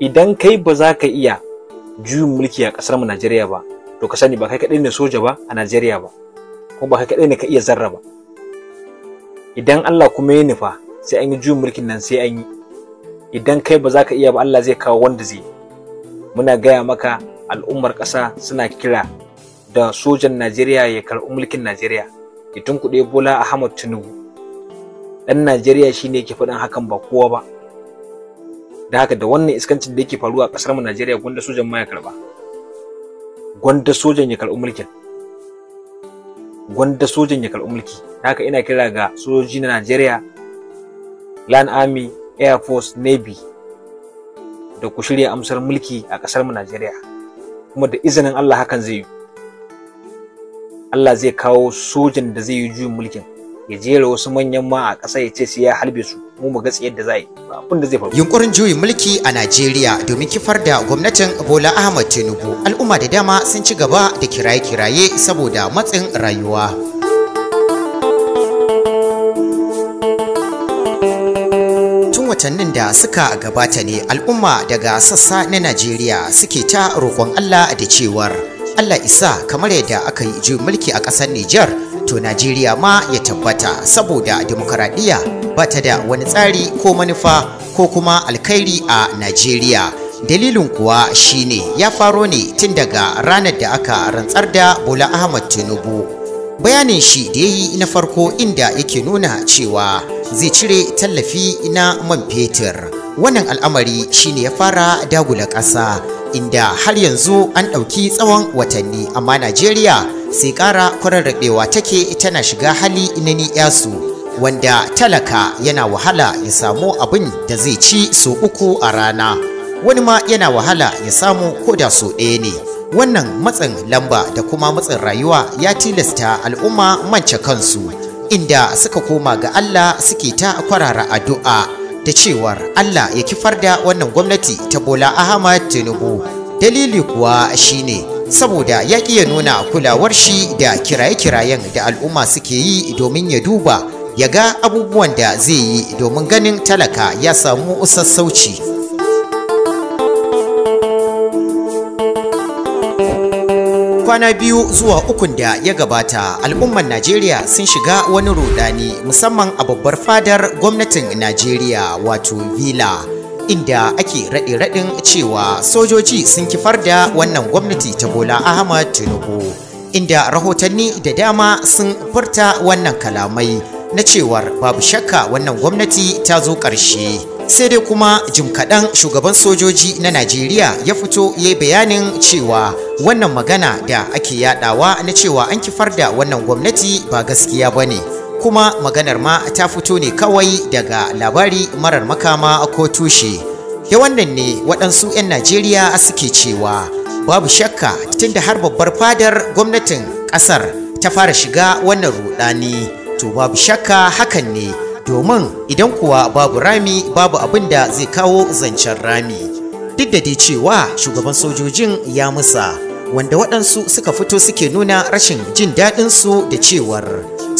idan kai ba za ka iya juyin mulki a ƙasar mu Najeriya ba to ka sani ba kai kaɗai ne soja ba a Najeriya ba ko ba kai kaɗai ne ka iya zarra ba idan Allah kuma ya nufa sai an yi juyin mulkin nan sai an yi idan kai ba za ka iya ba Allah zai kawo wanda zai muna gaya maka al'ummar ƙasa suna kira da sojan Najeriya ya karɓi mulkin Najeriya ya tunkuɗe Bola Ahmad Tinubu ɗan Najeriya shine ke faɗin hakan ba kowa ba da haka da wannan iskancin da yake faruwa a kasar mu Najeriya gwanda sojan ma ya karba gwanda sojan ya karbi mulkin gwanda sojan ya karbi mulki da haka ina kira ga sojoji na Najeriya Land Army Air Force Navy da ku shirya amsar mulki a kasar mu Najeriya kuma da izinin Allah hakan zai yi Allah zai kawo sojan da zai yi juyin mulkin ya jera wasu manyan ma a ƙasa ya sai ya harbe su mu mu ga tsayar da za yi abin da zai faru yunkurin juyin mulki a Najeriya domin kifar da gwamnatin Bola Ahmed Tinubu al'umma da dama sun ci gaba da kiraye-kiraye saboda matsin rayuwa watannin da suka gabata ne al'umma daga sassa na Najeriya suke ta roƙon Allah da cewar Allah isa kamar yadda aka yi mulki a ƙasar Nijar to Najeriya ma ya tabbata saboda demokaradiyya ba ta da wani tsari ko manufa ko kuma alkhairi a Najeriya. Dalilin kuwa shine ya faro ne tun daga ranar da aka rantsar da Bola Ahmad Tinubu. Bayanin shi da yi na farko inda yake nuna cewa zai cire tallafi na man fetur. Wannan al'amari shine ya fara dagula ƙasa inda har yanzu an ɗauki tsawon watanni amma Najeriya sai ƙara rabewa take tana shiga hali na yasu wanda talaka yana wahala ya samu abin da zai ci so uku a rana wani ma yana wahala ya samu ko da so ɗaya ne wannan matsin lamba da kuma matsin rayuwa ya tilasta al'umma mance kansu inda suka koma ga Allah suke ta kwarara addu'a da cewar Allah ya kifar da wannan gwamnati ta Bola Ahmad Tinubu dalili kuwa shine saboda ya iya nuna kulawar shi da kiraye-kirayen da al'umma suke yi domin ya duba ya ga abubuwan da zai yi domin ganin talaka ya samu sassauci. kwana biyu zuwa ukun da ya gabata al'ummar najeriya sun shiga wani rudani musamman a babbar fadar gwamnatin najeriya wato vila inda ake raɗe-raɗin cewa sojoji sun kifar da wannan gwamnati ta Bola Ahmad Tinubu inda rahotanni da dama sun furta wannan kalamai na cewar babu shakka wannan gwamnati ta zo ƙarshe sai dai kuma jim kaɗan shugaban sojoji na Najeriya ya fito ya yi bayanin cewa wannan magana da ake yaɗawa na cewa an kifar da wannan gwamnati ba gaskiya ba ne. kuma maganar ma ta fito ne kawai daga labari marar makama ko tushe ya wannan ne waɗansu 'yan najeriya suke cewa babu shakka tunda har babbar fadar gwamnatin ƙasar ta fara shiga wannan rudani to babu shakka hakan ne domin idan kuwa babu rami babu abin da zai kawo zancen rami duk da dai cewa shugaban sojojin ya musa wanda waɗansu suka fito suke nuna rashin jin daɗinsu da cewar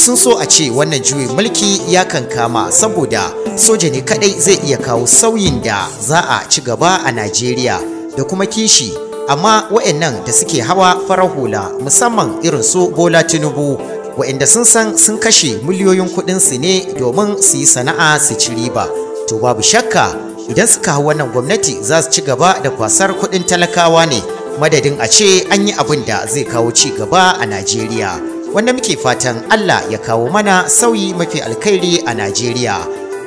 sun so a ce wannan juyin mulki ya kankama saboda soja ne kadai zai iya kawo sauyin da za a ci gaba a Najeriya da kuma kishi amma wa'annan da suke hawa farar hula musamman irin su Bola Tinubu wa'anda sun san sun kashe miliyoyin kuɗin su ne domin su yi sana'a su ci riba to babu shakka idan suka hau wannan gwamnati za su ci gaba da kwasar kuɗin talakawa ne madadin a ce an yi abin da zai kawo ci gaba a Najeriya. wanda muke fatan Allah ya kawo mana sauyi mafi alkhairi a Najeriya.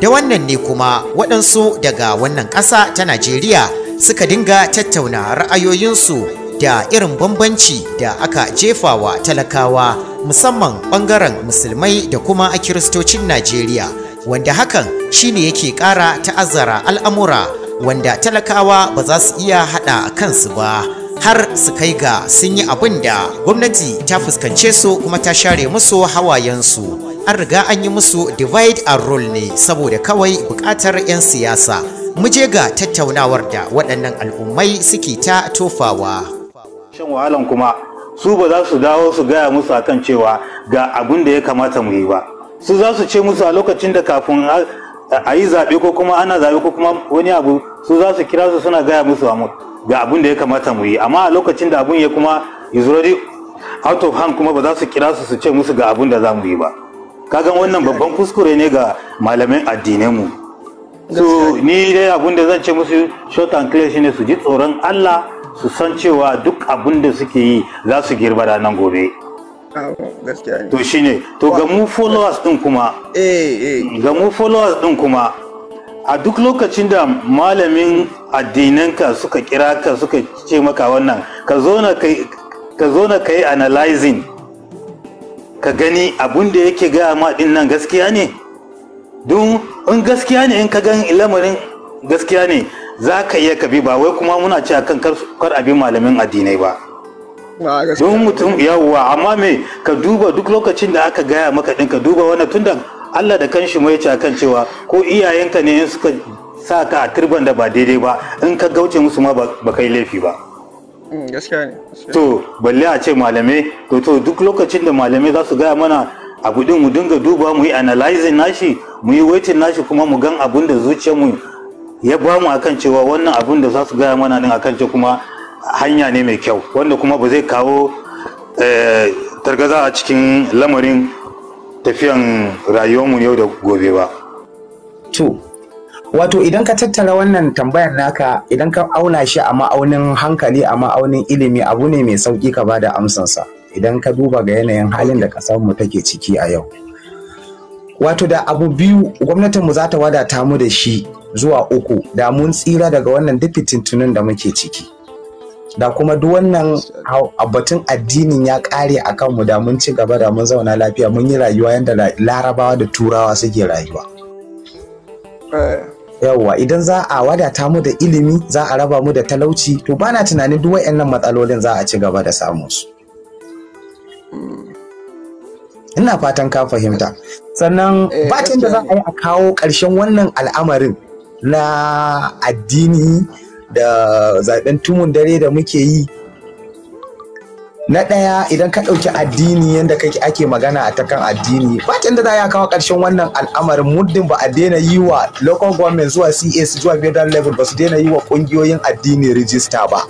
Da wannan ne kuma waɗansu daga wannan ƙasa ta Najeriya suka dinga tattauna ra'ayoyinsu da irin bambanci da aka jefawa talakawa musamman ɓangaren musulmai da kuma a kiristocin Najeriya wanda hakan shine yake ƙara ta'azzara al'amura wanda talakawa ba za su iya haɗa kansu ba. har su kai ga sun yi abin da gwamnati ta fuskance su kuma ta share musu hawayensu an riga an yi musu divide and rule ne saboda kawai bukatar 'yan siyasa muje ga tattaunawar da waɗannan al'ummai suke ta tofawa shan wahalan kuma su ba za su dawo su gaya musu akan cewa ga abin da ya kamata mu yi ba su za su ce musu a lokacin da kafin a yi zaɓe ko kuma ana zaɓe ko kuma wani abu su za su kira su suna gaya musu a ga abin da ya kamata mu yi amma a lokacin da abin ya kuma is ready out of hand kuma ba za su kira su su ce musu ga abin da za mu yi ba kaga wannan babban kuskure ne ga malamin addinai mu so ni dai abin da zan ce musu short and clear shine su ji tsoron Allah su san cewa duk abin da suke yi za su girba da nan gobe to shine to ga mu followers din kuma eh, eh. ga mu followers din kuma a duk lokacin da malamin addinanka suka kira ka suka ce maka wannan ka zo na ka yi analyzing ka gani abun da yake gaya ma din nan gaskiya ne don in gaskiya ne in ka gan lamarin gaskiya ne za ka iya kabi ba wai kuma muna ci akan kar abin malamin addinai ba don mutum yawwa amma me ka duba duk lokacin da aka gaya maka din ka duba wannan tunda Allah da kanshi mai ce kan cewa ko iyayenka ne suka sa ka a turban da ba daidai ba in ka gauce musu ma ba kai laifi ba mm, gaskiya to balle a ce malamai to to duk lokacin da malamai za su gaya mana abu din mu dinga duba mu yi analyzing nashi mu yi waiting nashi kuma mu gan abun da zuciyarmu ya ba mu akan cewa wannan abun da za su gaya mana din akan ce kuma hanya ne mai kyau wanda kuma ba zai kawo eh, targaza a cikin lamarin tafiyan rayuwarmu yau da gobe ba. To, wato idan ka tattara wannan tambayar naka idan ka auna shi a ma'aunin hankali a ma'aunin ilimi abu ne mai sauƙi ka ba da amsansa idan ka duba ga yanayin halin da mu take ciki a yau. Wato da abu biyu gwamnatinmu za ta wadata mu da shi zuwa uku da mun tsira daga wannan duk da muke ciki. da kuma duk wannan batun addinin ya kare a kanmu da mun ci gaba da mun zauna lafiya mun yi rayuwa yadda larabawa da turawa suke rayuwa eh. yawwa idan za a wadata mu da ilimi za a raba mu da talauci to bana tunanin duk wayannan matsalolin za a ci gaba da samun su hmm. ina fatan ka fahimta sannan eh, batun da za a yi a kawo ƙarshen wannan al'amarin na addini da zaben tumun dare da muke yi na ɗaya idan ka ɗauki addini yadda kake ake magana a takan addini ba da za ya kawo ƙarshen wannan al'amarin muddin ba a daina yi wa local government zuwa cs zuwa federal level ba su daina yi wa ƙungiyoyin addini rijista ba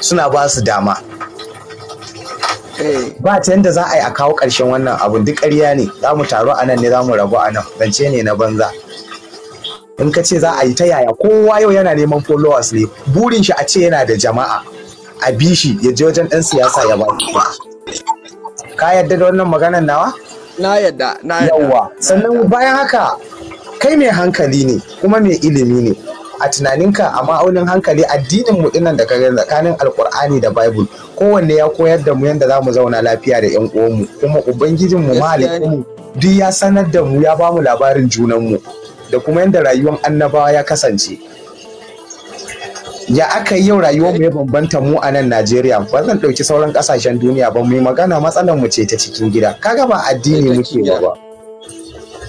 suna ba su dama eh. ba ta yadda za a yi a kawo ƙarshen wannan abun duk ƙarya ne za mu taru a nan ne za mu rabu a nan zance ne na banza in ka ce za a yi ta yaya kowa yau yana neman followers ne burin shi a ce yana da jama'a a bi shi ya je wajen ɗan siyasa ya ba ka yadda da wannan maganar nawa na yadda na sannan bayan haka kai mai hankali ne kuma mai ilimi ne a tunaninka a ma'aunin hankali addinin mu dinnan da ka ga tsakanin alkur'ani da bible kowanne ya koyar da mu yadda za mu zauna lafiya da yan uwanmu kuma ubangijinmu mu duk ya sanar da mu ya ba mu labarin junan mu da kuma yadda rayuwar annabawa ya kasance ya aka yi yau rayuwar mu ya bambanta mu a nan Najeriya ba zan ɗauki sauran ƙasashen duniya ba mai magana matsalar mu ce ta cikin gida kaga ba addini muke wa ba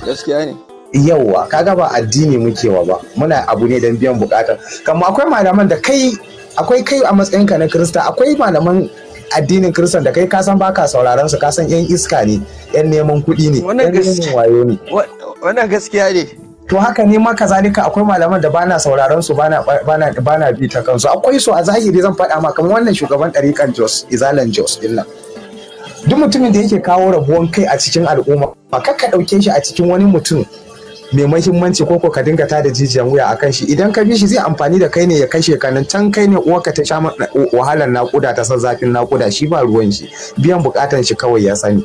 gaskiya ne yauwa kaga ba addini muke wa ba muna abu ne don biyan buƙatar. kamar akwai malaman da kai akwai kai a matsayinka na Kirista akwai malaman addinin Kirista da kai ka san baka sauraron su ka san yan iska ne yan neman kuɗi ne yan neman wayo ne wannan gaskiya ne to haka ne ma kazalika akwai malaman da bana sauraron su bana bana bana bi ta kansu akwai su a zahiri zan faɗa ma kamar wannan shugaban ɗariƙan Jos Izalan Jos din duk mutumin da yake kawo rabuwan kai a cikin al'umma ba ka ɗauke shi a cikin wani mutum mai muhimmanci ko ka dinga ta da jijiyan wuya akan shi idan ka bi shi zai amfani da kai ne ya kashe ka nan can kai ne uwarka ta sha wahalar nakuda ta san zafin nakuda shi ba ruwan shi biyan bukatan shi kawai ya sani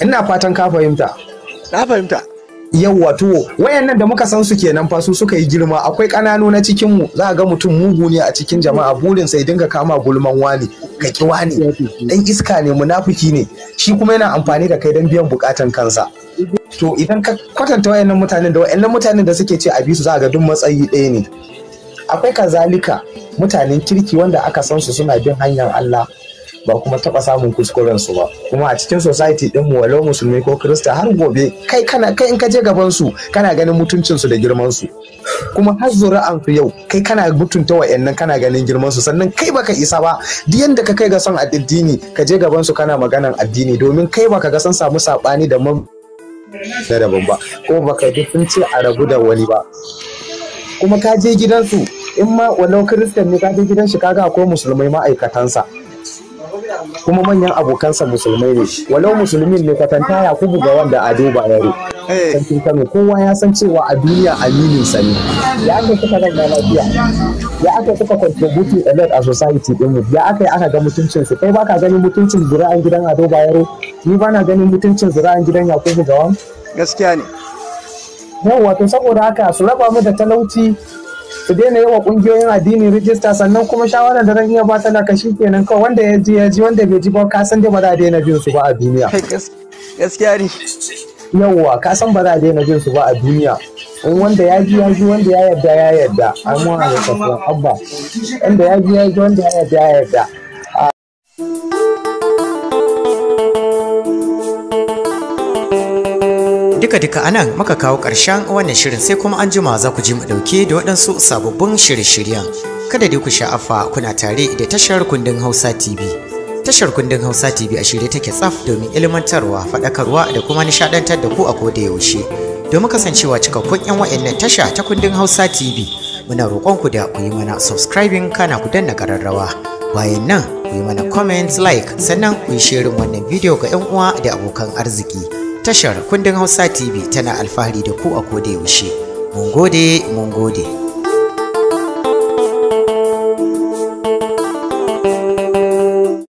ina fatan ka fahimta na fahimta yawwa tuwo wayannan da muka san su kenan fa su suka yi girma akwai kananu na cikin mu za ga mutum mugu ne a cikin jama'a burin sai dinga kama gulman wani ka ki wani dan iska ne munafiki ne shi kuma yana amfani da kai dan biyan bukatan kansa to idan ka kwatanta wayannan mutanen da wayannan mutanen da suke ce a bisu za ga duk matsayi ɗaya ne akwai kazalika mutanen kirki wanda aka san su suna bin hanyar Allah ba kuma taba samun kuskuren su ba kuma a cikin society din mu walau musulmi ko krista har gobe kai kana kai in ka je gaban su kana ganin mutuncin su da girman su kuma har zuri'an su yau kai kana mutunta wayannan kana ganin girman su sannan kai baka isa ba duk yanda ka kai ga son addini ka je gaban su kana maganan addini domin kai baka ga san samu sabani da da daban ba ko baka ji sun ce a rabu da wani ba kuma ka je gidansu in ma walau kristan ne ka je gidan shi kaga akwai musulmai ma'aikatansa kuma manyan abokansa musulmai ne walau musulmin ne kwatanta ya kubu ga wanda a duba yaro eh. sarkin kano kowa ya san cewa a duniya aminin sa ne ya aka kuka zanga lafiya ya aka kuka contribute a lot a society din mu ya aka aka ga mutuncin su kai baka ganin mutuncin zura'an gidan ado bayero ni ba na ganin mutuncin zura'an gidan yakubu wanda. gaskiya ne yau wato saboda haka su raba mu da talauci su daina yi wa kungiyoyin addini rijista sannan kuma shawarar da zan iya ba talaka kashi kenan kawai wanda ya ji ya ji wanda bai ji ba ka san dai ba za a daina bin su ba a duniya gaskiya ne yawwa ka san ba za a daina bin su ba a duniya in wanda ya ji ya ji wanda ya yarda ya yarda a mu a abba wanda ya ji ya ji wanda ya yarda ya yarda duka-duka anan muka kawo ƙarshen wannan shirin sai kuma an jima za ku ji mu ɗauke da waɗansu sababbin shirye-shiryen. Kada dai ku sha'afa kuna tare da tashar kundin Hausa TV. Tashar kundin Hausa TV a shirye take tsaf domin ilmantarwa, faɗakarwa da kuma nishaɗantar da ku a koda yaushe. Domin kasancewa cikakkun 'yan wa'annan tasha ta kundin Hausa TV. Muna roƙon ku da ku yi mana subscribing kana ku danna ƙararrawa. bayan nan ku yi mana comment like sannan ku yi shirin wannan bidiyo ga 'yan uwa da abokan arziki Tashar kundin Hausa TV tana alfahari da ku a koda yaushe. Mun gode, mun gode.